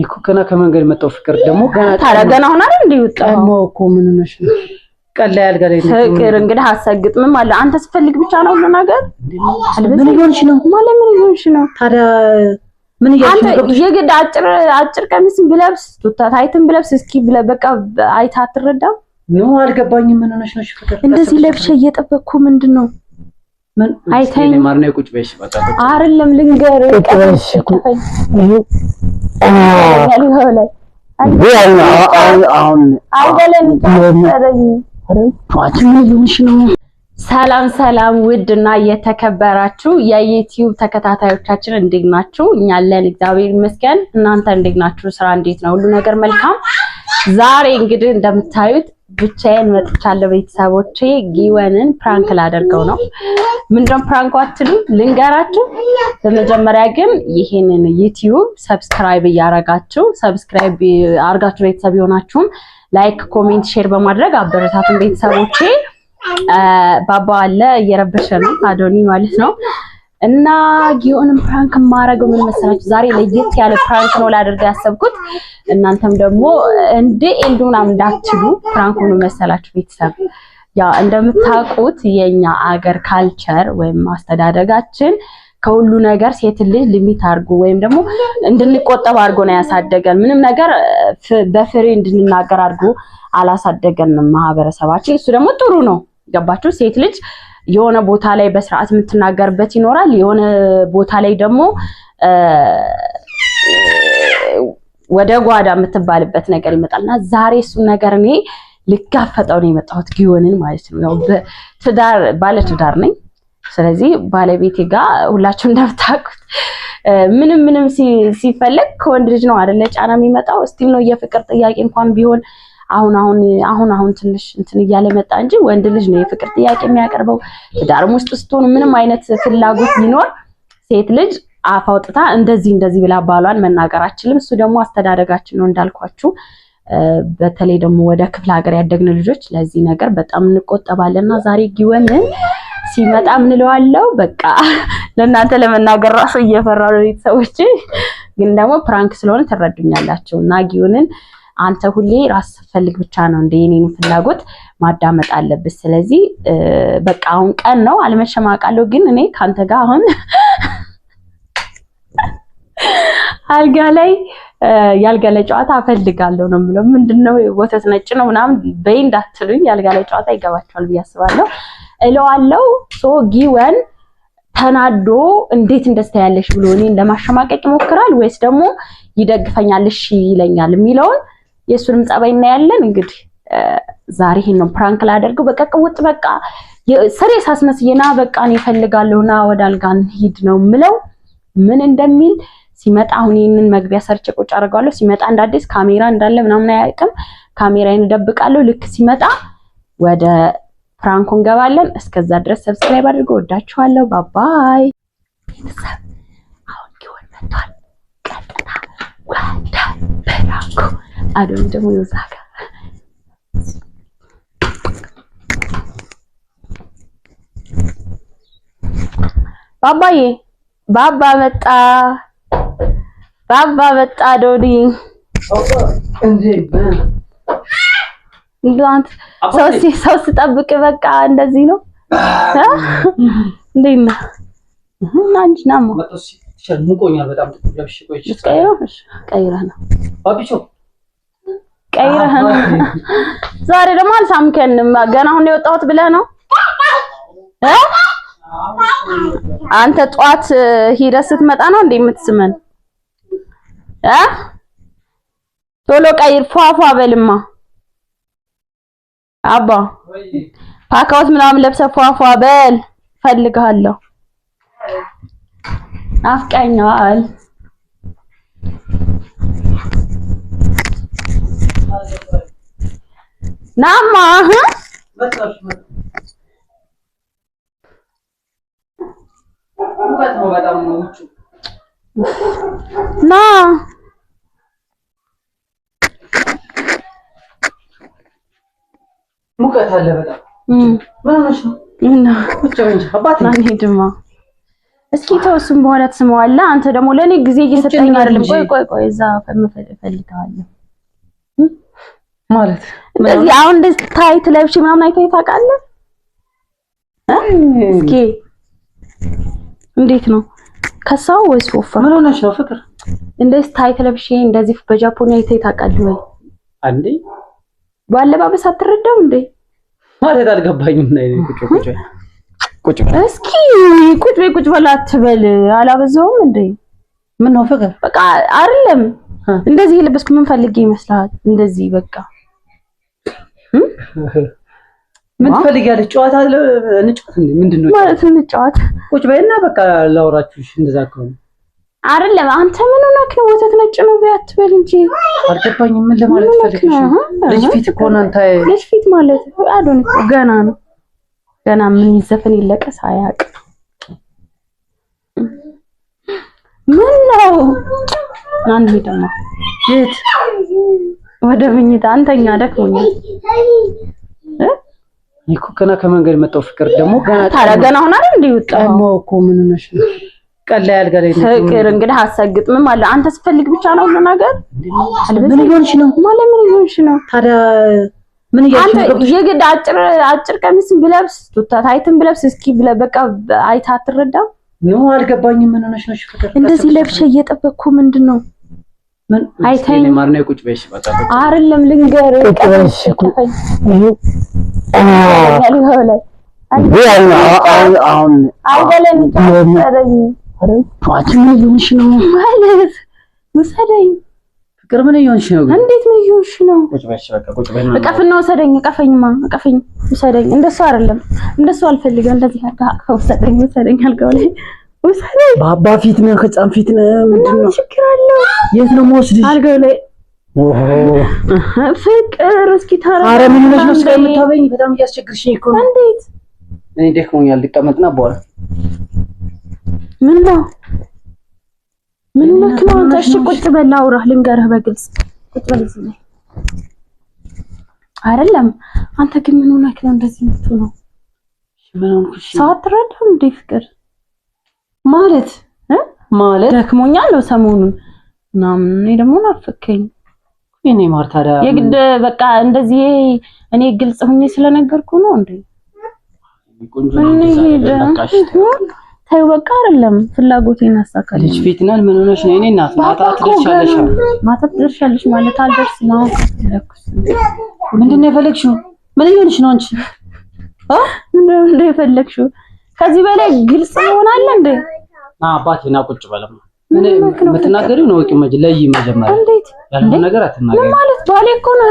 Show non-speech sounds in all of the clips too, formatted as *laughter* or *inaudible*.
እኮ ገና ከመንገድ መጣው ፍቅር ደግሞ ገና ታዲያ ገና ሆነ አይደል እንዴ ወጣው ነው እኮ ምን ነሽ ቀላ ያልገለኝ ፍቅር እንግዲህ አሰግጥምም አለ አንተ ስፈልግ ብቻ ነው ሁሉ ነገር ምን ይሆንሽ ነው ማለት ምን ይሆንሽ ነው ታዲያ ምን ይሆንሽ ነው የግድ አጭር አጭር ቀሚስም ብለብስ ቱታ ታይትም ብለብስ እስኪ ብለ በቃ አይታ አትረዳም ነው አልገባኝም ምን ሆነሽ ነው ፍቅር እንደዚህ ለብሼ እየጠበቅኩ ምንድን ነው አይታይ ማርነ ቁጭ በይሽ በቃ አይደለም ልንገር ቁጭ በይሽ ሰላም ሰላም፣ ውድ እና የተከበራችሁ የዩቲዩብ ተከታታዮቻችን እንዴት ናችሁ? እኛ አለን እግዚአብሔር ይመስገን። እናንተ እንዴት ናችሁ? ስራ እንዴት ነው? ሁሉ ነገር መልካም። ዛሬ እንግዲህ እንደምታዩት ብቻዬን መጥቻለሁ። ቤተሰቦቼ ጊወንን ፕራንክ ላደርገው ነው። ምንድነው ፕራንኩ አትሉ ልንገራችሁ። በመጀመሪያ ግን ይሄንን ዩቲዩብ ሰብስክራይብ እያረጋችሁ ሰብስክራይብ አርጋችሁ ቤተሰብ የሆናችሁም ላይክ፣ ኮሜንት፣ ሼር በማድረግ አበረታቱን ቤተሰቦቼ። ባባ አለ እየረበሸ ነው አዶኒ ማለት ነው። እና ጊዮንም ፕራንክ ማረገው ምን መሰላችሁ፣ ዛሬ ለየት ያለ ፕራንክ ነው ላደርግ ያሰብኩት። እናንተም ደግሞ እንደ ኤልዱ ምናምን እንዳትሉ ፕራንክ ነው መሰላችሁ ቤተሰብ ያ እንደምታውቁት የኛ አገር ካልቸር ወይም አስተዳደጋችን ከሁሉ ነገር ሴት ልጅ ሊሚት አድርጎ ወይም ደግሞ እንድንቆጠብ አድርጎ ነው ያሳደገን። ምንም ነገር በፍሬ እንድንናገር አድርጎ አላሳደገንም ማህበረሰባችን። እሱ ደግሞ ጥሩ ነው። ገባችሁ ሴት ልጅ የሆነ ቦታ ላይ በስርዓት የምትናገርበት ይኖራል። የሆነ ቦታ ላይ ደግሞ ወደ ጓዳ የምትባልበት ነገር ይመጣል እና ዛሬ እሱን ነገር እኔ ልጋፈጠው ነው የመጣሁት፣ ጊዮንን ማለት ነው። ትዳር ባለ ትዳር ነኝ። ስለዚህ ባለቤቴ ጋር ሁላችሁ እንደምታውቁት ምንም ምንም ሲፈለግ ከወንድ ልጅ ነው አደለ ጫና የሚመጣው። እስቲል ነው የፍቅር ጥያቄ እንኳን ቢሆን አሁን አሁን አሁን አሁን ትንሽ እንትን እያለ መጣ እንጂ ወንድ ልጅ ነው የፍቅር ጥያቄ የሚያቀርበው። ትዳርም ውስጥ ስትሆኑ ምንም አይነት ፍላጎት ቢኖር ሴት ልጅ አፋውጥታ እንደዚህ እንደዚህ ብላ ባሏን መናገር አችልም። እሱ ደግሞ አስተዳደጋችን ነው እንዳልኳችሁ። በተለይ ደግሞ ወደ ክፍለ ሀገር ያደግን ልጆች ለዚህ ነገር በጣም እንቆጠባለን ዛሬ ጊወንን ሲመጣ ምን እለዋለሁ በቃ ለእናንተ ለመናገር ራሱ እየፈራሁ ቤተሰቦቼ፣ ግን ደግሞ ፕራንክ ስለሆነ ትረዱኛላችሁ እና አንተ ሁሌ ራስ ፈልግ ብቻ ነው እንደ የኔን ፍላጎት ማዳመጥ አለብህ። ስለዚህ በቃ አሁን ቀን ነው አልመሸማቃለሁ ግን እኔ ከአንተ ጋር አሁን *laughs* አልጋ ላይ ያልጋ ላይ ጨዋታ አፈልጋለሁ ነው የምለው። ምንድነው ወተት ነጭ ነው ምናምን በይ እንዳትሉኝ፣ ያልጋ ላይ ጨዋታ ይገባቸዋል ብዬ አስባለሁ እለዋለው ሶ ጊወን ተናዶ እንዴት እንደስታ ያለሽ ብሎ እኔን ለማሸማቀቅ ይሞክራል ወይስ ደግሞ ይደግፈኛል፣ እሺ ይለኛል የሚለውን የእሱንም ጸባይ እናያለን። እንግዲህ ዛሬ ይሄን ነው ፕራንክ ላደርገው። በቃ ቅውጥ በቃ ሰሬስ አስመስዬና በቃ እኔ እፈልጋለሁና ወደ አልጋን ሂድ ነው ምለው ምን እንደሚል ሲመጣ አሁን ይህንን መግቢያ ሰርቼ ቁጭ አደርገዋለሁ። ሲመጣ እንደ አዲስ ካሜራ እንዳለ ምናምን አያውቅም። ካሜራዬን እደብቃለሁ። ልክ ሲመጣ ወደ ፕራንኩ እንገባለን። እስከዛ ድረስ ሰብስክራይብ አድርጎ ወዳችኋለሁ። ባባይ ቤተሰብ። አሁን ጊዮን መጥቷል። ቀጥታ ወደ ፕራንኩ አዶኒ ደግሞ ይወዛጋ። ባባዬ ባባ መጣ፣ ባባ መጣ። አዶኒ ሰው ስጠብቅ በቃ እንደዚህ ነው። እንዴት ነህ? እና እንጂ ናማ ቀይረህ ነው ቀይረህን *laughs* ዛሬ ደግሞ አልሳምከንም። ገና አሁን የወጣሁት ብለህ ነው። አንተ ጠዋት ሂደህ ስትመጣ ነው እንዴ የምትስመን ቶሎ ቀይር። ፏፏ በልማ አባ ፓካውት ምናምን ለብሰህ ፏፏ በል። ፈልግሃለሁ። አፍቀኛዋል። ናማ ና ሙቀት አለ በጣም። እንሂድማ እስኪ ተው፣ እሱም አንተ ደግሞ ለእኔ ጊዜ እየሰጠኝ አይደለም። ቆይ ቆይ ቆይ፣ እዛ ማለት እንደዚህ አሁን እንደዚህ ታይት ለብሽ ምናምን አይተኸኝ ታውቃለህ? እስኪ እንዴት ነው ከሳው ወይስ ወፈር? ምን ሆነሽ ነው ፍቅር? እንደዚህ ታይት ለብሽ እንደዚህ በጃፖኒ አይተኸኝ ታውቃለህ ወይ? አንዴ ባለባበስ አትረዳም እንዴ? ማለት አልገባኝም። ናይ ቁጭ ቁጭ እስኪ ቁጭ በይ ቁጭ በል አትበል። አላበዛውም እንዴ? ምን ነው ፍቅር? በቃ አይደለም እንደዚህ የለበስኩ ምን ፈልጌ ይመስልሃል? እንደዚህ በቃ ምን ትፈልጊያለሽ? ጨዋታ እንጫወት። ምንድን ነው ማለት? እንጫወት። ቁጭ በይና በቃ ላውራችሁሽ። እንደዛ ከሆነ አይደለም። አንተ ምን ሆነክ ነው? ወተት ነጭ ነው በይ አትበል እንጂ። አልገባኝም። ምን ለማለት ፈልግሽ? ልጅ ፊት እኮ ነው። አንተ ልጅ ፊት ማለት አዶን ገና ነው። ገና ምን ይዘፈን ይለቀስ አያውቅም። ምን ነው ማን ሄደማ የት ወደ ምኝታ አንተኛ ደክሞኛል እኮ ገና ከመንገድ መጣው ፍቅር ደግሞ ገና ታዲያ ገና ሆና አይደል እንዴ ወጣው ነው እኮ ምን ነሽ ቀላ ያልጋ ላይ ፍቅር እንግዲህ አሰግጥምም ማለት አንተ ስፈልግ ብቻ ነው ሁሉ ነገር ምን እየሆንሽ ነው ማለት ምን እየሆንሽ ነው ታዲያ ምን ይያችሁ ነው የግድ አጭር አጭር ቀሚስም ብለብስ ቱታ ታይትም ብለብስ እስኪ ብለ በቃ አይታ አትረዳም ነው አልገባኝም ምን ሆነሽ ነው ፍቅር እንደዚህ ለብሼ እየጠበቅኩ ምንድን ነው ምን አይታኝ ማር ቁጭ በሽ በቃ አይደለም፣ ልንገር ቁጭ ፍቅር ምን እየሆንሽ ነው? እንዴት ነው እየሆንሽ ነው? እቀፍና ውሰደኝ፣ እቀፈኝማ፣ እቀፈኝ፣ ውሰደኝ። እንደሱ አይደለም፣ እንደሱ አልፈልግም። እንደዚህ አልጋ ውሰደኝ፣ ውሰደኝ አልጋው ላይ በአባ ፊት ነህ? ህፃን ፊት ነህ? ምንድን ነው ችግር አለው? የት ነው የምወስድሽ? አልጋው ላይ ፍቅር። እስኪ ምን ሆነሽ ነው በጣም እያስቸግርሽኝ እኮ። እንዴት እኔ ደክሞኛል። ልቀመጥና በኋላ ምን ነው ምን ነው አንተ? እሺ ቁጭ በል ልንገርህ በግልጽ ቁጭ በል እዚህ ላይ አይደለም። አንተ ግን ምን ነው እንደዚህ የምትሆነው? ሰው አትረዳም እንዴ ፍቅር ማለት ማለት ደክሞኛል ነው ሰሞኑን ምናምን እኔ ደግሞ ናፍቀኝ እኔ ማር ታዲያ የግድ በቃ እንደዚህ እኔ ግልጽ ሁኜ ስለነገርኩ ነው እንዴ? ታዩ በቃ አይደለም ፍላጎቴን አሳካለሁ። ልጅ ፊትናል ምን ሆነሽ ነው? እኔ እናት ማታ ትደርሻለሽ፣ ማታ ትደርሻለሽ ማለት አልደርስ ነው። ምንድን ነው የፈለግሽው? ምን እየሆንሽ ነው አንቺ? ምንድን ነው የፈለግሽው? ከዚህ በላይ ግልጽ ይሆናል እንዴ? አባቴ ና ቁጭ በለማ የምትናገሪው ነው ወቂ መጅ ለይ መጀመሪያ እንዴት ያለው ነገር አትናገሪ ማለት ባሌ እኮ ነው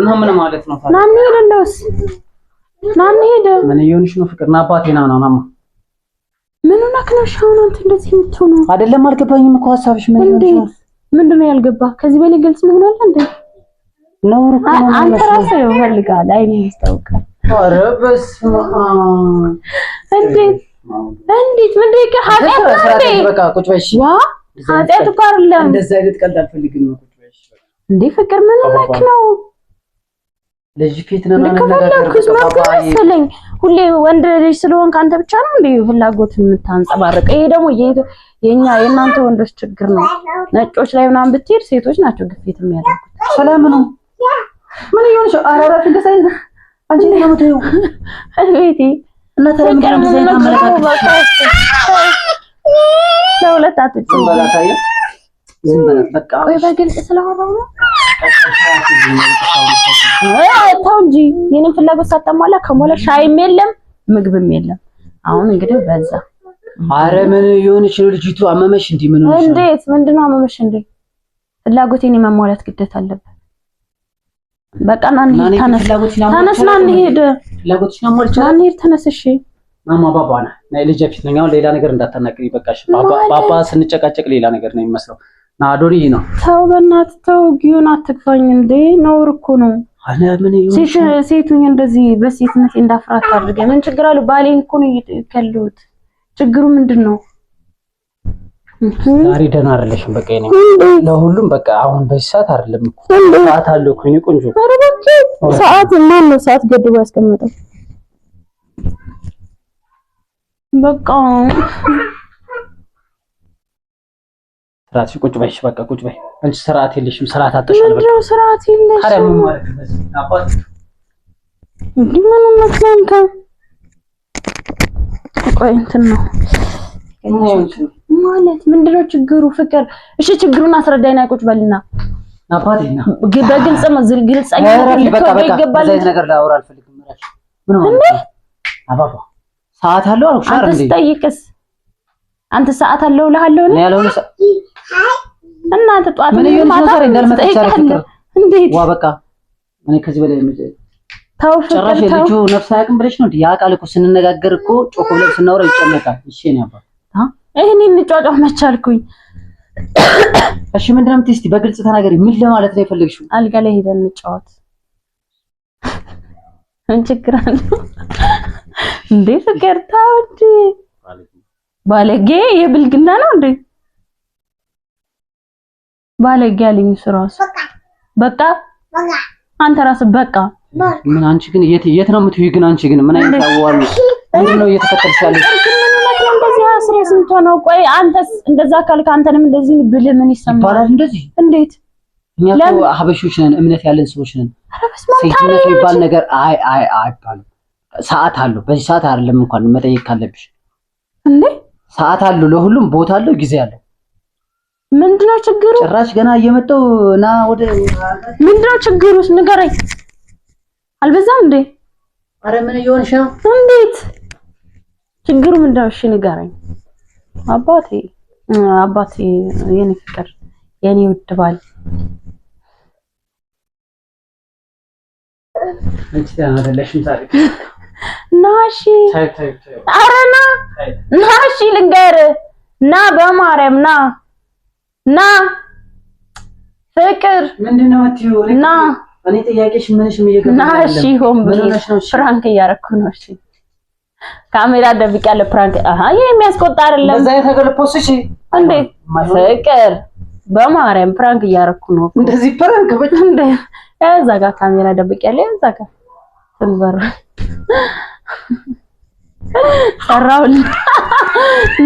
እና ምን ማለት ነው ታዲያ ና እንሂድ እንደውስ ና እንሂድ ምን እየሆንሽ ነው ፍቅር ና አባቴ ና ነው ናማ ምን ሆነክ ነው ሻውን አንተ እንደዚህ የምትሆነው አይደለም አልገባኝም እኮ ሀሳብሽ ምን ይሆን ነው ምንድን ነው ያልገባ ከዚህ በላይ ግልጽ መሆን አለ እንዴ ነው አንተ ራስህ ነው ፈልጋለህ አይኔ ያስታውቃል ኧረ በስመ አብ እንዴት እንዴት ምን ደግ ኃጢያት በቃ ቁጭ በይ። እሺ እኮ አይደለም። እንደዚህ አይነት ቀልድ አልፈልግም። ቁጭ በይ። እንዴ ፍቅር ምን ነክ ነው? ልጅ ፊት ነው መሰለኝ። ሁሌ ወንድ ልጅ ስለሆንክ አንተ ብቻ ነው እንዴ ፍላጎት የምታንጸባርቅ? ይሄ ደግሞ የኛ የእናንተ ወንዶች ችግር ነው። ነጮች ላይ ምናምን ብትሄድ ሴቶች ናቸው ግፊት የሚያደርጉት። ሰላም ምን ይሆን? ኧረ እረፍት አንቺ ነው የምትይው ቤቴ እና ተለምደን ዘይ እንጂ ፍላጎት ሳታሟላ ከሞላ ሻይም የለም ምግብም የለም። አሁን እንግዲህ በዛ። አረ ምን የሆነች ነው ልጅቱ? አመመሽ እንዴ? ምን ሆነሽ? እንዴት ምንድነው አመመሽ እንዴ? ፍላጎቴን የማሟላት ግዴታ አለበት። በቃ ና እንሂድ፣ ተነስ ና እንሂድ፣ ና እንሂድ፣ ተነስ። እሺ ማማ ባባ ና ናይ ልጅ ፊት ነኝ። አሁን ሌላ ነገር እንዳታናግሪ በቃሽ። ባባ ስንጨቃጨቅ ሌላ ነገር ነው የሚመስለው። ና አዶኒ ነው። ተው በእናትህ ተው፣ ጊዮን አትግፋኝ እንዴ! ነውር እኮ ነው። ሴቱኝ እንደዚህ በሴትነት እንዳፍራት አድርገ ምን ችግር አለው? ባሌን እኮ ነው የከለሁት። ችግሩ ምንድን ነው? ዛሬ ደህና አይደለሽም። በቃ እኔ ለሁሉም በቃ አሁን በዚህ ሰዓት አይደለም እኮ ሰዓት አለው እኮ እኔ ቆንጆ ሰዓት ማን ነው ሰዓት ገድቦ ያስቀመጠው? በቃ ስርዓትሽ ቁጭ በይሽ። በቃ ቁጭ በይ አንቺ ስርዓት የለሽም። ስርዓት አጥተሻል። ነው ስርዓት የለሽም። ታዲያ ምን ማለት ነው? አባት እንዲህ ምንም መስላንታ ቆይ እንትን ነው ማለት ምንድነው ችግሩ? ፍቅር እሺ፣ ችግሩን አስረዳኝ። ናይቆች በልና አባቴና በግልጽ ግልጽ ይገባል። ነገር አልፈልግም። ሰዓት አለው አልኩሽ። አትስጠይቅስ አንተ ሰዓት እናንተ ጧት ምን ይመስላል እንዴት ዋ በቃ እኔ ከዚህ በላይ ተው ፍቅር ጭራሽ ነፍስ አያውቅም ብለሽ ነው። ያ ቃል እኮ ስንነጋገር እኮ ብለን ስናወራ ይጨነቃል። እሺ ነው አባ ይሄን እንጫጫ መቻልኩኝ። እሺ ምንድነው የምትይ? እስኪ በግልጽ ተናገሪ። ምን ለማለት ነው የፈለግሽው? አልጋ ላይ ሄደን እንጫወት። ምን ችግር አለ እንዴ? ፍቅር ተው እንጂ ባለጌ። የብልግና ነው እንዴ? ባለጌ አለኝ እሱ እራሱ በቃ አንተ ራስ በቃ ምን አንቺ ግን የት የት ነው የምትይው? ግን አንቺ ግን ምን አይነት አዋሉ ምንድን ነው እየተከተልሽ ያለሽ? ሲሪየስ ነው? ቆይ አንተስ እንደዛ ካልክ አንተንም እንደዚህ ብልህ ምን ይሰማል? እንደዚህ እንዴት እኛ እኮ ሀበሾች ነን፣ እምነት ያለን ሰዎች ነን። ሴትነት የሚባል ነገር አይ አይ አይባልም። ሰዓት አለው። በዚህ ሰዓት አይደለም እንኳን መጠየቅ ካለብሽ እንዴ ሰዓት አለው። ለሁሉም ቦታ አለው፣ ጊዜ አለው። ምንድነው ችግሩ? ጭራሽ ገና እየመጣሁ ና ወደ ምንድነው ችግሩ ንገረኝ። አልበዛም እንዴ? አረ ምን እየሆንሽ ነው? እንዴት ችግሩ ምንድነው? እሺ ንገረኝ። አባቴ አባቴ የኔ ፍቅር የኔ ውድ ባል ናሺ ኧረ ና ናሺ ልንገርህ ና በማርያም ና ና ፍቅር ና ናሺ ሆን ብዬሽ ፍራንክ እያደረኩ ነው። ካሜራ ደብቅ ያለ ፕራንክ አሃ፣ ይሄ የሚያስቆጣ አይደለም። በዛ የተገለፖስሽ እንዴ ፍቅር፣ በማርያም ፕራንክ እያረኩ ነው። እንደዚህ ፕራንክ ብቻ እንዴ እዛ ጋር ካሜራ ደብቅ ያለ እዛ ጋር ትንበር ሰራውል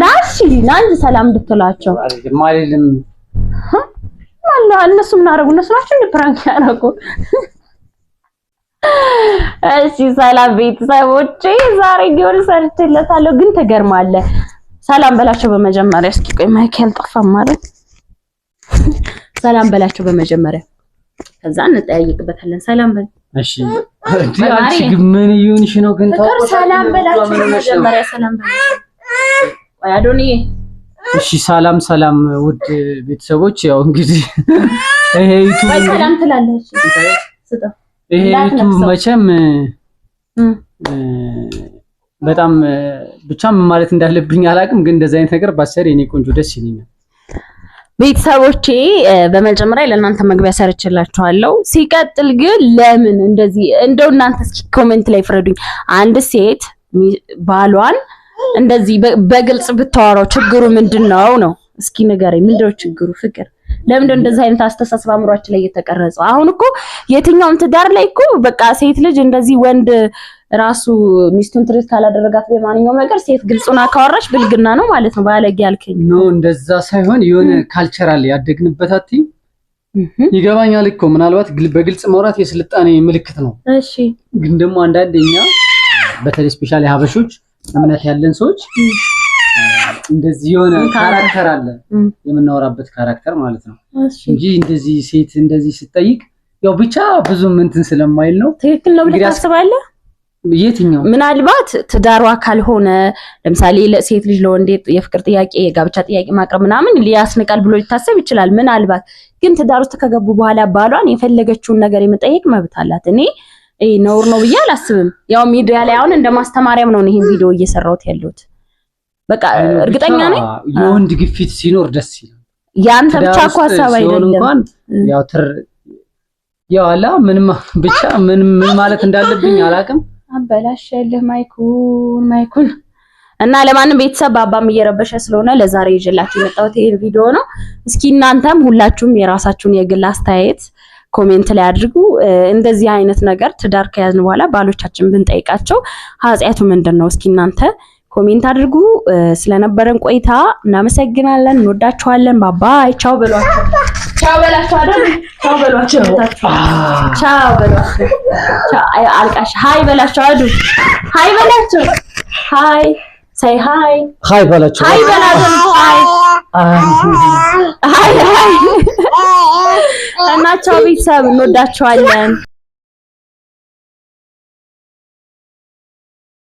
ናሽ ናንጂ ሰላም እንድትላቸው ማለልም አላ እነሱ ምን አደረጉ? እነሱ ናቸው እንደ ፕራንክ ያደረጉ እሺ ሰላም ቤተሰቦቼ፣ ዛሬ እንዲሆን ሰርቼለታለሁ፣ ግን ትገርማለህ። ሰላም በላቸው በመጀመሪያ እስኪ። ቆይ ማይክ አልጠፋም ማለት ሰላም በላቸው በመጀመሪያ፣ ከዛ እንጠያይቅበታለን። ሰላም በል እሺ። አንቺ ግን ምን ይሁንሽ ነው ግን? ሰላም በላቸው በመጀመሪያ። ሰላም በል ቆይ አዶንዬ እሺ ሰላም ሰላም፣ ውድ ቤተሰቦች ያው እንግዲህ ይሄ ዩቲዩብ ሰላም ትላለች ስጠው ይሄ ዩቱብ መቼም በጣም ብቻም ማለት እንዳለብኝ አላውቅም፣ ግን እንደዚህ አይነት ነገር ባሰሪ እኔ ቆንጆ ደስ ይለኛል። ቤተሰቦቼ በመጀመሪያ ለእናንተ መግቢያ ሰርችላችኋለሁ። ሲቀጥል ግን ለምን እንደዚህ እንደው እናንተ እስኪ ኮሜንት ላይ ፍረዱኝ። አንድ ሴት ባሏን እንደዚህ በግልጽ ብታወራው ችግሩ ምንድን ነው ነው? እስኪ ንገረኝ፣ ምንድነው ችግሩ? ፍቅር ለምን እንደዚህ አይነት አስተሳሰብ አእምሯችን ላይ እየተቀረጸው? አሁን እኮ የትኛውም ትዳር ላይ እኮ በቃ ሴት ልጅ እንደዚህ ወንድ ራሱ ሚስቱን ትሪት ካላደረጋት በማንኛውም ነገር ሴት ግልጹና ካወራች ብልግና ነው ማለት ነው። ባለጌ ያልከኝ ነው። እንደዛ ሳይሆን የሆነ ካልቸራል ያደግንበት አትይም። ይገባኛል እኮ ምናልባት በግልጽ መውራት የስልጣኔ ምልክት ነው። እሺ፣ ግን ደግሞ አንዳንዴ እኛ በተለይ ስፔሻሊ ሀበሾች እምነት ያለን ሰዎች እንደዚህ የሆነ ካራክተር አለ የምናወራበት ካራክተር ማለት ነው እንጂ እንደዚህ ሴት እንደዚህ ስጠይቅ ያው ብቻ ብዙም እንትን ስለማይል ነው። ትክክል ነው ብለህ ታስባለህ? የትኛው ምናልባት ትዳሯ ካልሆነ ለምሳሌ ለሴት ልጅ ለወንድ የፍቅር ጥያቄ የጋብቻ ጥያቄ ማቅረብ ምናምን ሊያስንቃል ብሎ ሊታሰብ ይችላል። ምናልባት ግን ትዳር ውስጥ ከገቡ በኋላ ባሏን የፈለገችውን ነገር የመጠየቅ መብት አላት። እኔ ነውር ነው ብዬ አላስብም። ያው ሚዲያ ላይ አሁን እንደ ማስተማሪያም ነው ይሄን ቪዲዮ እየሰራሁት ያለሁት። በቃ እርግጠኛ ነኝ የወንድ ግፊት ሲኖር ደስ ይላል። ያንተ ብቻ እኮ ሀሳብ አይደለም እንኳን ያው ትር ያው አላ ምንም ብቻ ምንም ምን ማለት እንዳለብኝ አላውቅም። አበላሸልህ ማይኩን ማይኩን እና ለማንም ቤተሰብ በአባም እየረበሸ ስለሆነ ለዛሬ ይዤላችሁ የመጣሁት ይሄ ቪዲዮ ነው። እስኪ እናንተም ሁላችሁም የራሳችሁን የግል አስተያየት ኮሜንት ላይ አድርጉ። እንደዚህ አይነት ነገር ትዳር ከያዝን በኋላ ባሎቻችን ብንጠይቃቸው ኃጢያቱ ምንድን ነው? እስኪ እናንተ ኮሜንት አድርጉ። ስለነበረን ቆይታ እናመሰግናለን። እንወዳችኋለን። ባባይ ቻው በሏቸው። ቻው በሏቸው አይደል? ቻው በሏቸው። አልቃሽ ሀይ በላቸው አዱ ሀይ በላቸው። ሀይ ሳይ ሀይ ሀይ በላቸው። ሀይ በላቸው። ሀይ ሀይ ሃይ። እና ቻው ቤተሰብ እንወዳችኋለን።